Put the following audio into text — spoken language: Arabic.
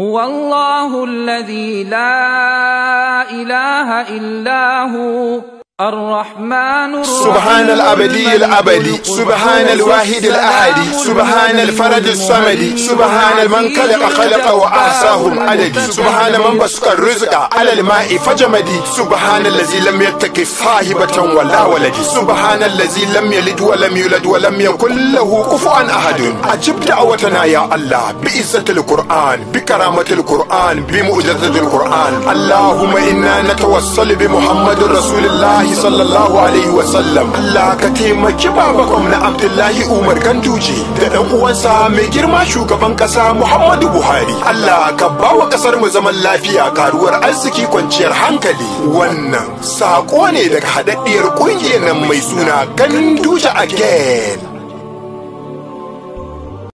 هو الله الذي لا إله إلا هو الرحمن الرحيم سبحان الأبدي الأبدي سبحان الواحد الأحد سبحان الفرد الصمد سبحان من خلق خلق وأحصاهم عددي سبحان من بسك الرزق على الماء فجمدي سبحان الذي لم يتكف صاحبة ولا ولدي سبحان الذي لم يلد ولم يولد ولم يكن له كفوا أحد أجب دعوتنا يا الله بإزة القرآن بكرامة القرآن بمعجزة القرآن اللهم إنا نتوصل بمحمد رسول الله rasulullahi sallallahu alaihi wasallam Allah ka taimaki baba gwamna Abdullahi Umar Ganduje da ɗan uwansa mai girma shugaban ƙasa Muhammadu Buhari Allah ka bawa kasar mu zaman lafiya karuwar arziki kwanciyar hankali wannan saƙo ne daga haɗaɗɗiyar ƙungiyar nan mai suna Ganduje again